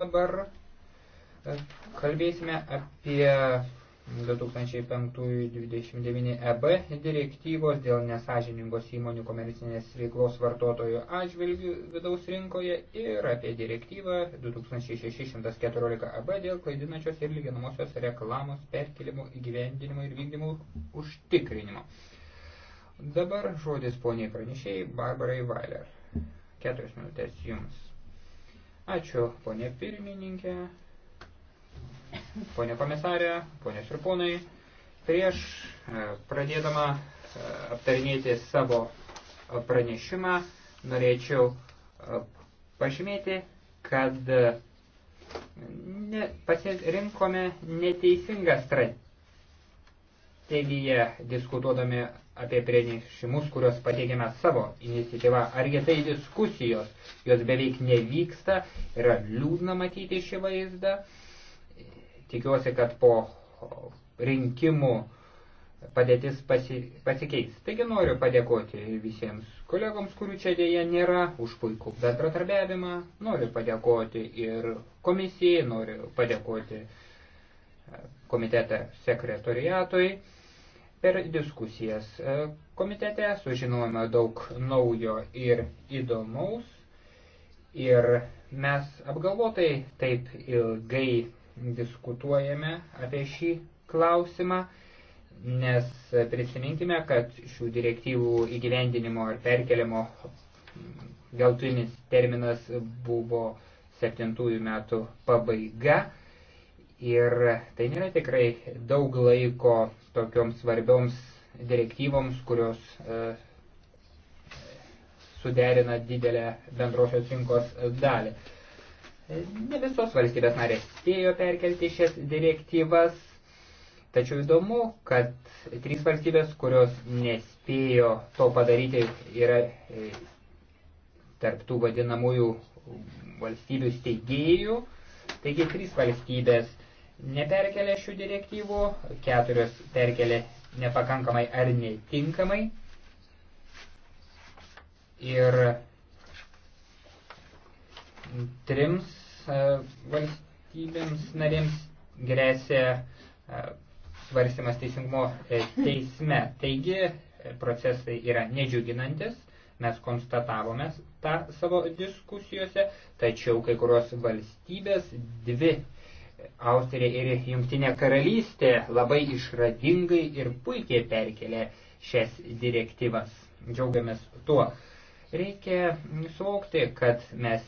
dabar e, kalbėsime apie 2005-29 EB direktyvos dėl nesažiningos įmonių komercinės veiklos vartotojų atžvilgių vidaus rinkoje ir apie direktyvą 2614 EB dėl klaidinančios ir lyginamosios reklamos perkelimo įgyvendinimo ir vykdymo užtikrinimo. Dabar žodis poniai pranešėjai Barbarai Vailer. Keturias minutės jums. Ačiū, ponė pirmininkė, ponė komisarė, ponė ir ponai. Prieš e, pradėdama e, aptarinėti savo pranešimą, norėčiau e, pažymėti, kad ne, pasirinkome neteisingą strategiją teigyje diskutuodami apie priešimus, kuriuos pateikėme savo iniciatyvą. Argi tai diskusijos, jos beveik nevyksta, yra liūdna matyti šį vaizdą. Tikiuosi, kad po rinkimų padėtis pasi, pasikeis. Taigi noriu padėkoti visiems kolegoms, kurių čia dėja nėra, už puikų bendratarbiavimą. Noriu padėkoti ir komisijai, noriu padėkoti komitete sekretoriatui. Per diskusijas e, komitete sužinojome daug naujo ir įdomaus. Ir mes apgalvotai taip ilgai diskutuojame apie šį klausimą, nes prisiminkime, kad šių direktyvų įgyvendinimo ar perkeliamo galtinis terminas buvo 7 metų pabaiga. Ir tai nėra tikrai daug laiko tokioms svarbioms direktyvoms, kurios e, suderina didelę bendrosios rinkos dalį. Ne visos valstybės narės spėjo perkelti šias direktyvas, tačiau įdomu, kad trys valstybės, kurios nespėjo to padaryti, yra e, tarptų vadinamųjų valstybių steigėjų. Taigi trys valstybės neperkelia šių direktyvų, keturios perkelia nepakankamai ar netinkamai. Ir trims e, valstybėms narėms grėsia e, svarstymas teisingumo e, teisme. Taigi procesai yra nedžiuginantis, mes konstatavome tą savo diskusijose, tačiau kai kurios valstybės dvi Austrija ir Jungtinė karalystė labai išradingai ir puikiai perkelė šias direktyvas. Džiaugiamės tuo. Reikia suvokti, kad mes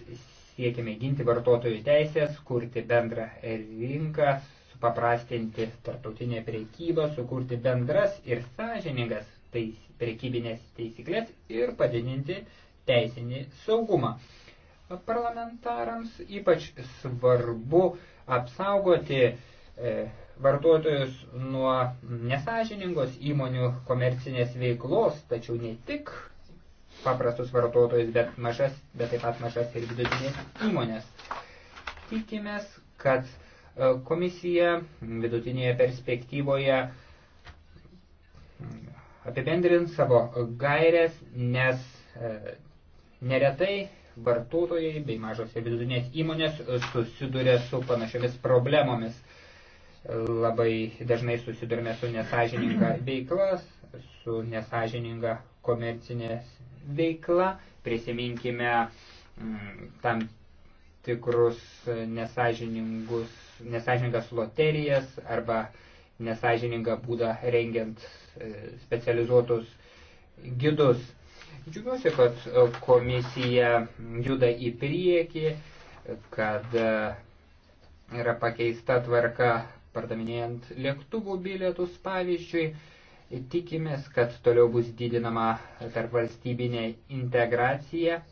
siekiame ginti vartotojų teisės, kurti bendrą rinką, supaprastinti tarptautinę prekybą, sukurti bendras ir sąžiningas tais prekybinės teisiklės ir padidinti teisinį saugumą parlamentarams ypač svarbu apsaugoti e, vartotojus nuo nesažiningos įmonių komercinės veiklos, tačiau ne tik paprastus vartotojus, bet, mažas, bet taip pat mažas ir vidutinės įmonės. Tikimės, kad e, komisija vidutinėje perspektyvoje mm, apibendrins savo gairės, nes e, neretai vartotojai bei mažos ir vidutinės įmonės e, susiduria su panašiomis problemomis. E, labai dažnai susidurime su nesažininga veikla, su nesažininga komercinė veikla. Prisiminkime mm, tam tikrus nesažiningus, nesažiningas loterijas arba nesažiningą būdą rengiant e, specializuotus gidus. Džiugiuosi, kad e, komisija juda į priekį, kad e, yra pakeista tvarka pardavinėjant lėktuvų bilietus, pavyzdžiui. Tikimės, kad toliau bus didinama tarp valstybinė integracija.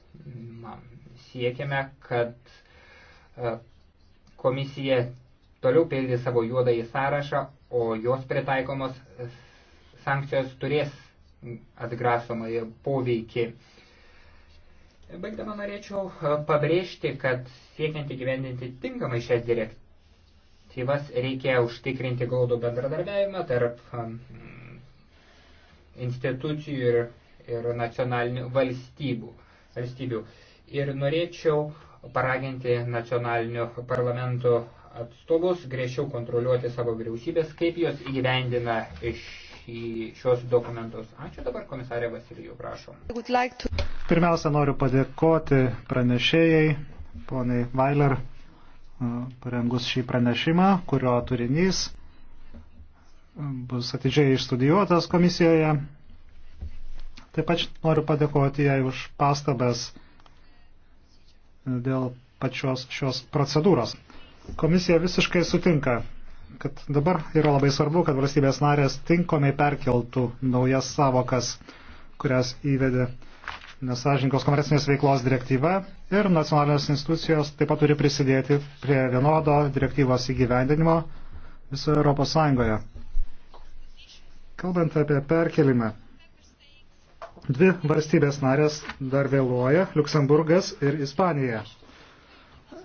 Siekiame, kad e, komisija toliau pildys savo juodąjį sąrašą, o jos pritaikomos sankcijos turės atgrasomąjį poveikį. Baigdama norėčiau e, pabrėžti, kad siekiant įgyvendinti tinkamai šias direktyvas reikia užtikrinti glaudų bendradarbiavimą tarp e, institucijų ir, ir nacionalinių valstybių, valstybių. Ir norėčiau paraginti nacionalinių parlamentų atstovus griežčiau kontroliuoti savo vyriausybės, kaip jos įgyvendina iš šį, šios dokumentus. Ačiū dabar komisarė Vasilijų, prašom. Pirmiausia, noriu padėkoti pranešėjai, poniai Vailer, parengus šį pranešimą, kurio turinys bus atidžiai išstudijuotas komisijoje. Taip pat noriu padėkoti jai už pastabas dėl pačios šios procedūros. Komisija visiškai sutinka kad dabar yra labai svarbu, kad valstybės narės tinkamai perkeltų naujas savokas, kurias įvedė nesažininkos komercinės veiklos direktyva ir nacionalinės institucijos taip pat turi prisidėti prie vienodo direktyvos įgyvendinimo visoje Europos Sąjungoje. Kalbant apie perkelimą, dvi valstybės narės dar vėluoja - Luksemburgas ir Ispanija.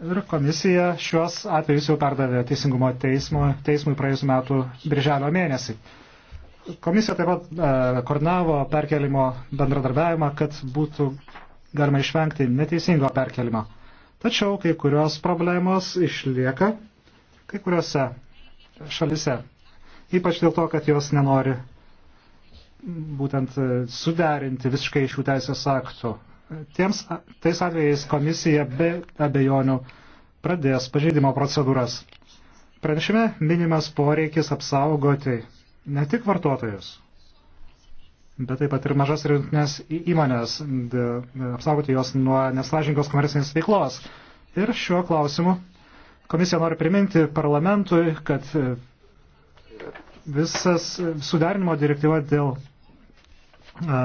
Ir komisija šiuos atvejus jau perdavė Teisingumo teismo, teismui praėjusiu metu birželio mėnesį. Komisija taip pat e, koordinavo perkelimo bendradarbiavimą, kad būtų galima išvengti neteisingo perkelimo. Tačiau kai kurios problemos išlieka kai kuriuose šalise. Ypač dėl to, kad jos nenori būtent e, suderinti visiškai šių teisės aktų tiems, tais atvejais komisija be abejonių pradės pažeidimo procedūras. Pranešime minimas poreikis apsaugoti ne tik vartotojus, bet taip pat ir mažas ir vidutinės įmonės, apsaugoti jos nuo neslažingos komercinės veiklos. Ir šiuo klausimu komisija nori priminti parlamentui, kad visas suderinimo direktyva dėl E,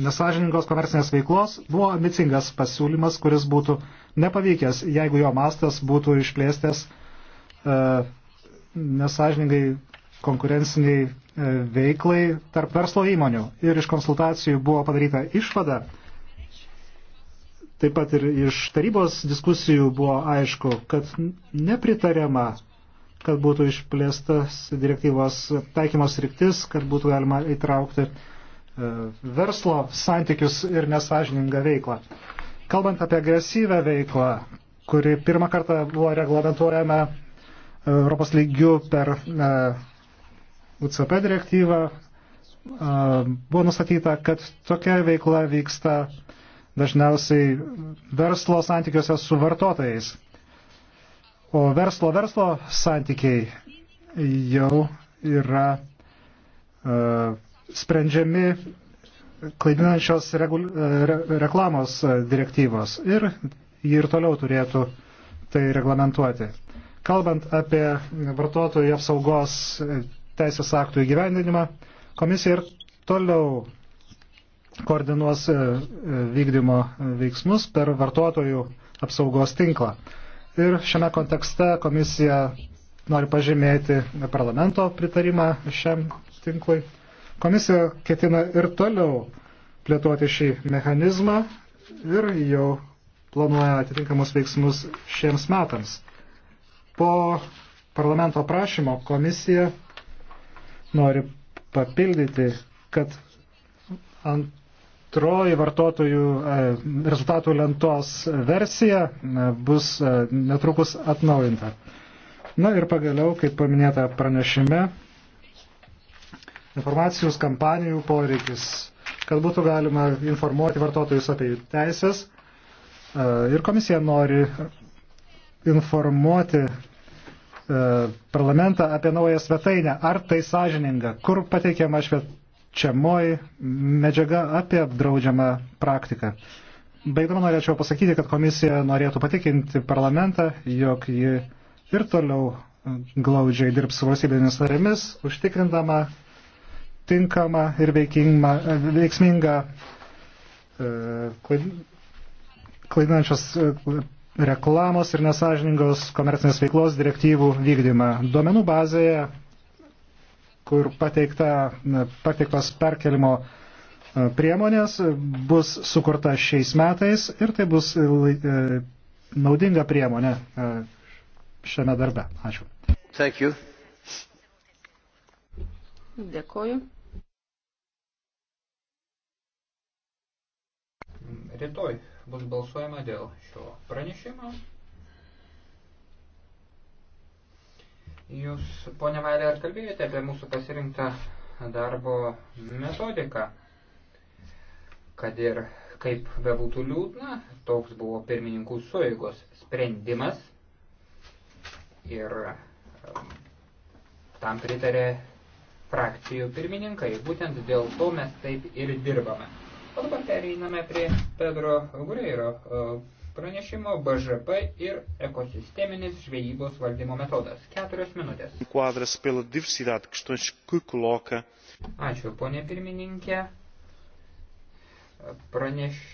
nesažiningos komercinės veiklos buvo ambicingas pasiūlymas, kuris būtų nepavykęs, jeigu jo mastas būtų išplėstęs e, nesažiningai konkurenciniai e, veiklai tarp verslo įmonių. Ir iš konsultacijų buvo padaryta išvada, taip pat ir iš tarybos diskusijų buvo aišku, kad nepritariama kad būtų išplėstas direktyvos taikymos riktis, kad būtų galima įtraukti uh, verslo santykius ir nesažiningą veiklą. Kalbant apie agresyvę veiklą, kuri pirmą kartą buvo reglamentuojama e, Europos lygių per e, UCP direktyvą, e, buvo nustatyta, kad tokia veikla vyksta dažniausiai verslo santykiuose su vartotojais. O verslo verslo santykiai jau yra sprendžiami klaidinančios regul... re... reklamos direktyvos ir jį ir toliau turėtų tai reglamentuoti. Kalbant apie vartotojų apsaugos teisės aktų įgyvendinimą, komisija ir toliau koordinuos e, e, vykdymo veiksmus per vartotojų apsaugos tinklą. Ir šiame kontekste komisija nori pažymėti parlamento pritarimą šiam tinklui. Komisija ketina ir toliau plėtoti šį mechanizmą ir jau planuoja atitinkamus veiksmus šiems metams. Po parlamento prašymo komisija nori papildyti, kad antroji vartotojų e, rezultatų lentos versija e, bus e, netrukus atnaujinta. Na ir pagaliau, kaip paminėta pranešime, informacijos kampanijų poreikis, kad būtų galima informuoti vartotojus apie jų teisės. E, ir komisija nori informuoti e, parlamentą apie naują svetainę. Ar tai sąžininga? Kur pateikiama švečiamoji medžiaga apie apdraudžiamą praktiką? Baigdama norėčiau pasakyti, kad komisija norėtų patikinti parlamentą, jog ji ir toliau glaudžiai dirbs su valstybėmis narėmis, užtikrindama tinkamą ir veikingą, veiksmingą e, klaidinančios e, reklamos ir nesažiningos komercinės veiklos direktyvų vykdymą. Duomenų bazėje, kur pateikta, e, pateiktos perkelimo priemonės, bus sukurta šiais metais ir tai bus naudinga priemonė šiame darbe. Ačiū. Thank you. Dėkoju. Rytoj bus balsuojama dėl šio pranešimo. Jūs, ponia Vailė, ar kalbėjote apie mūsų pasirinktą darbo metodiką? Kad ir kaip bebūtų liūdna, toks buvo pirmininkų sueigos sprendimas ir um, tam pritarė frakcijų pirmininkai. Būtent dėl to mes taip ir dirbame. O dabar pereiname prie Pedro Gureiro e, pranešimo BŽP ir ekosisteminis žvejybos valdymo metodas. Keturios minutės. Quadras pela diversidade questões que coloca. Ačiū, ponė pirmininkė. Praneš